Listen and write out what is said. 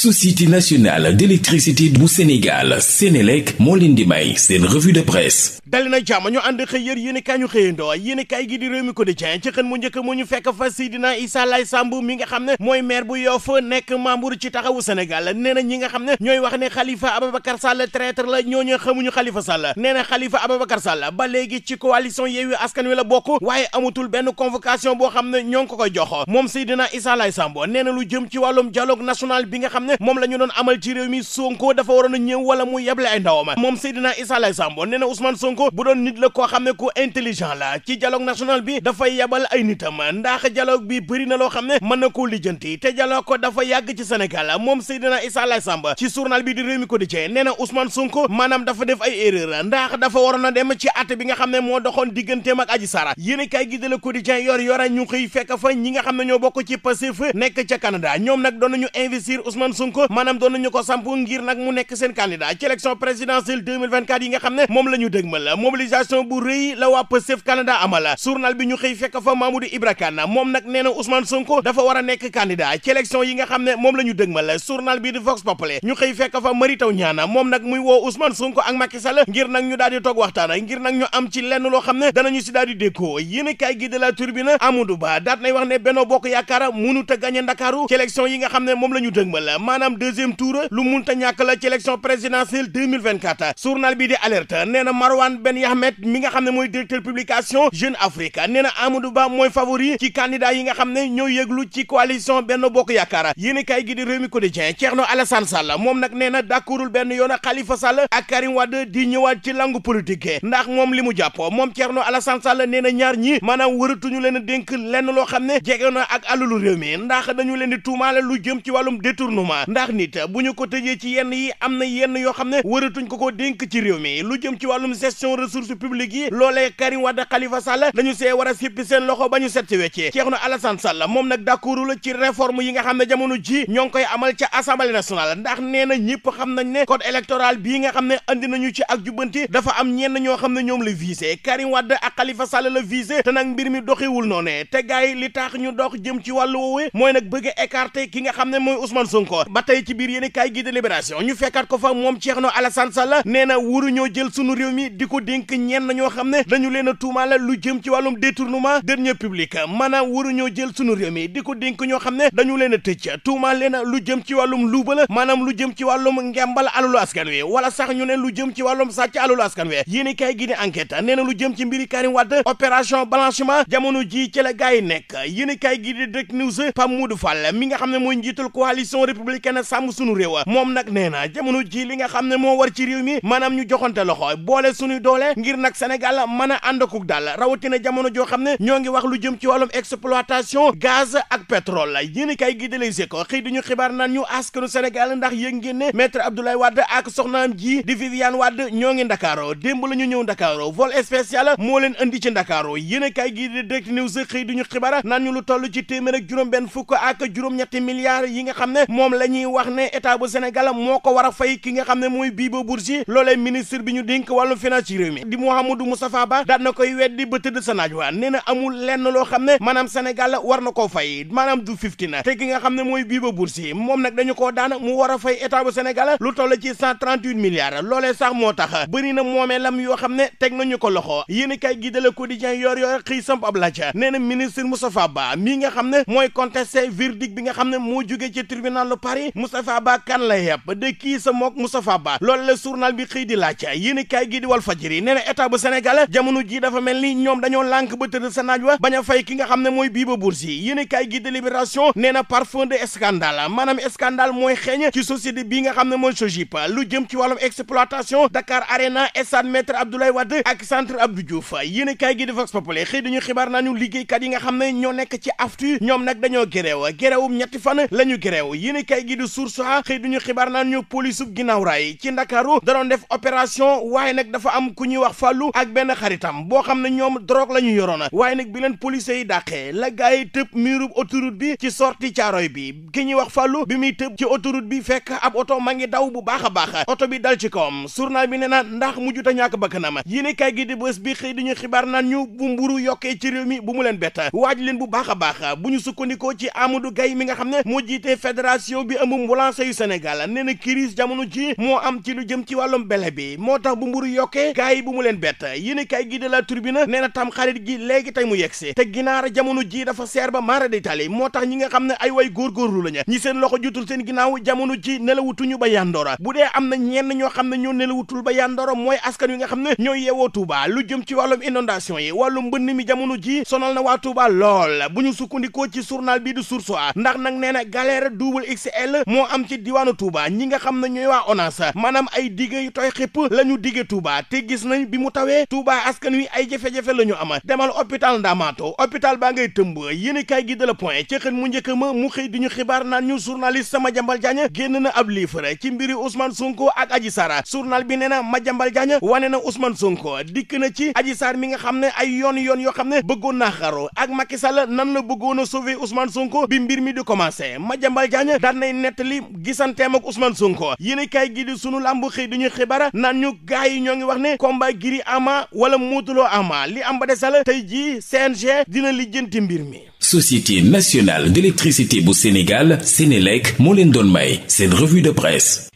société nationale d'électricité bu Sénégal Sénélec moo leen di may seen revue de presse dali na jàmm ànd xëy yër yéen i kaay ñu xëyandoo yéen i kaay gi di réew mi ko di jen ci xën mu njëkk mu ñu fekk fa Sidina Issa Laye Samb mi nga xam ne mooy maire bu Yoff nekk membre ci taxawu Sénégal la na ñi nga xam ne ñooy wax xalifa Khalifa Ababacar Sall traître la ñooñu xamuñu Khalifa Sall nee na Khalifa Ababacar Sall ba léegi ci coalition Wi la bokk waaye amatul benn convocation boo xam ne ñoo ngi ko koy jox moom Sidina Issa Laye Samb nee na lu jëm ci wàllum dialogue national ne moom la ñu doon amal ci réew mi Sonko dafa waroon a ñëw wala mu yeble ay ndawam moom Seydina Issa Laye Sambo nee na Sonko bu doon nit la koo xam ne ku intelligent la ci dialogue national bi dafay yebal ay nitam ndax dialogue bi bëri na loo xam ne mën na koo lijjanti te dialogue ko dafa yàgg ci Sénégal moom Seydina Issa Laye ci journal bi di réew mi quotidien nee na Ousmane Sonko maanaam dafa def ay erreur ndax dafa waroon a dem ci àtte bi nga xam ne moo doxoon digganteem ak Adji Sarr yéen kay gi de la quotidien yor yora ñu xëy fekk fa ñi nga xam ne ñoo bokk ci Pastef nekk ca Sonko maanaam doon nañu ko samp ngir nag mu nekk seen candidat ci élection présidentielle 2024 yi nga xam ne moom la ñu dëgmal mobilisation bu rëy la waa Pastef Canada amal journal xëy fekk fa Mamadou Ibra Kane moom nag nee na dafa war nekk candidat ci élection yi nga xam ne moom la ñu dëgmal journal bi di Vox Populi ñu xëy fekk fa Mary Teuw moom nag muy woo Ousmane Sonko ak Macky Sall ngir nag ñu daal di toog waxtaan ngir nag ñu am ci lenn loo xam ne danañu si daal di déggoo yéen kaay gi Ba daat nay wax ne Benno Bokk Yaakaar mënut a gagné Ndakaaru ci yi nga xam ne moom la ñu dëgmal maanaam deuxième tour lu munta ñàkk la ci élection présidentielle 2024 journal bi di alerte nee na Marwan Ben mi nga xam ne mooy directeur publication Jeune Afrique nee na Amadou Ba mooy favori ci candidat yi nga xam ne ñoo yëglu ci coalition benn bokk yaakaar yéen kay gi di Rewmi Quotidien Thierno Alassane Sall moom nag nee na d'accordul benn yoon Khalifa Sall ak Karim Wade di ñëwaat ci langue politique ndax moom li mu jàpp moom Thierno Alassane Sall nee na ñaar ñi maanaam wëratuñu leen a dénk loo xam ne jege na ak alalu réew mi dañu leen di tuumaale lu jëm ci wàllum détournement Touba ndax nit bu ñu ko tëjee ci yenn yi am na yenn yoo xam ne waratuñ ko ko dénk ci réew mi lu jëm ci wàllum gestion ressources publiques yi loolee Karim Wade Khalifa Sall dañu see war a sippi seen loxo ba ñu set ci weccee Cheikhna Alassane Sall moom nag d'accord ci réforme yi nga xam ne jamono ji ñoo koy amal ca assemblée nationale ndax nee na ñëpp xam nañ ne code électoral bii nga xam ne andi nañu ci ak jubbanti dafa am ñenn ñoo xam ne ñoom la visé Karim Wade ak ba tey ci biir yéen kaay gi de libération ñu fekkaat ko fa moom Thierno Alassane Sall nee na waruñoo jël sunu réew mi di ko dénk ñenn ñoo xam ne dañu leen a lu jëm ci wàllum détournement deniers publics maanaam waruñoo jël sunu réew yi di ko dénk ñoo xam ne dañu leen a tëj tuumaal leen lu jëm ci wàllum luubal maanaam lu jëm ci wàllum ngembal alalu askan wi wala sax ñu ne lu jëm ci wàllum sàcc alalu askan wi yéen kaay gi ne enquête nee na lu jëm ci mbiri Karim Wade opération blanchiment jamono ji ci la yi nekk yéen kaay gi di Direct News mi nga xam ne mooy njiital coalition républicaine républicaine sàmm sunu réew a moom nag nee na jamono ji li nga xam ne moo war ci réew mi maanaam ñu joxante loxo boole suñuy doole ngir nag Sénégal mën a ànd akuk daal rawatina jamono joo xam ne ñoo ngi wax lu jëm ci wàllum exploitation gaz ak pétrole yéen kay gi de Les Échos xëy di ñu xibaar naan ñu askanu Sénégal ndax yëg ngeen ne maître Abdoulaye Wade ak soxnaam ji di Viviane Wade ñoo ngi ndakaaroo démb la ñu ñëw Ndakaaru vol spécial moo leen indi ci Ndakaaru yéen kay gi di Direct News xëy di ñu xibaar lu toll ci téeméer ak benn fukk ak juróom-ñetti milliards yi nga xam la ñuy wax ne état bu Sénégal moo ko war a fay ki nga xam ne mooy bii Bibo Bourgi loolee ministre bi ñu dénk wàllu finance ci réew mi di Mouhamadou Moustapha Ba daan na koy weddi ba tëdd sa naaj wa nee na amul lenn loo xam ne maanaam Sénégal war na ko fay maanaam du fifti na te ki nga xam ne mooy bii ba Bourgi moom nag dañu ko daan mu war a fay état bu Sénégal lu toll ci cent trente huit milliards loolee sax moo tax bëri na moomeelam yoo xam ne teg nañu ko loxo yéen kay gi de Le Quotidien yor yor na xam ne mooy contesté bi nga xam ne moo jóge ci tribunal xaari Moustapha Ba kan la yàpp de sa mook Moustapha Ba loolu la journal bi xëy di laaj yéen kaay gi di wal fajiri nee na état bu Sénégal jamono ji dafa mel ni ñoom dañoo lànk ba tëdd sa naaj wa bañ a fay ki nga xam ne mooy bii Biba Bourgi yéen kaay gi di libération nee na parfum de scandale maanaam scandale mooy xeeñ ci société bi nga xam ne mooy SOGIP lu jëm ci wàllum exploitation Dakar Arena stade Maître Abdoulaye Wade ak centre Abdou Diouf yéen kaay gi di Vox Populi xëy dañu xibaar naa ñu liggéeykat yi nga xam ne ñoo nekk ci aftu ñoom nag dañoo géréew géréewum ñetti fan la ñu géréew kaay gi di source a ah, xëy xibaar naan ñu police bu ginnaaw raay ci ndakaaru da def opération waaye nag dafa am ku ñuy wax fàllu ak benn xaritam boo xam ne ñoom drogue la ñu yoroon waaye nag bi leen police yi la gars yi tëb miirub autoroute bi ci sorti caaroy bi ki ñuy wax fàllu bi muy tëb ci autoroute bi fekk ab oto maa ngi daw bu baax a baax oto bi dal ci kawam journal bi nee na ndax mujjut a ñàkk bakkanam yéene kaay gi di bés bi xëy ñu xibaar naan ñu bu mburu yokkee ci réew mi bu mu leen bett waaj leen bu baax a baax bu ñu sukkandikoo ci Amadou Gaye mi nga xam ne moo jiite fédération bi ëmb ambulance yu Sénégal nee na crise jamono ji moo am ci lu jëm ci wàllum bele bi moo tax bu mburu yokkee gars yi bu mu leen bett yéen kay gi de la turbine nee na tam xarit gi léegi tey mu yegsi te ginaar jamono ji dafa seer ba maara d'Italie moo tax ñi nga xam ne ay way la lañu ñi seen loxo jutul seen ginnaaw jamono ji nelawutuñu ba yandoora bu dee am na ñenn ñoo xam ne ñoo nelawutul ba yandoora mooy askan wi nga xam ne ñoo yeewoo Touba lu jëm ci wàllum inondation yi wàllum mbënn mi jamono ji sonal na waa Touba lool bu ñu sukkandikoo ci journal bi du Source A APL moo am ci diwaanu Touba ñi nga xam ne ñooy waa ONAS maanaam ay digge yu tooy xëpp la ñu digge Touba te gis nañ bi mu tawee Touba askan wi ay jafe-jafe la ñu am demal hôpital Ndamato hôpital baa ngay tëmb yéen kaay gi de la point ci xën mu njëkk ma mu xëy di ñu xibaar naan ñu journaliste Madiambal Diagne génn na ab livre ci mbiri Ousmane Sonko ak Adji Sarr journal bi nee na Madiambal Diagne wane na Ousmane Sonko dikk na ci Adji Sarr mi nga xam ne ay yoon yoon yoo xam ne bëggoon naa xaru ak Macky Sall nan la bëggoon a sauver Sonko bi mbir mi di commencé ngay nettali gisanteem ak Ousmane Sonko yéenekaay gi di sunu làmb du ñu xibara naan ñu gaay yi ñoo ngi wax ne combat Gris Ama wala Modou Lo Ama li am ba desal tey jii CNG dina li lijjanti mbir mi Société nationale d'électricité bu Sénégal Sénélec moo leen doon may seen revue de presse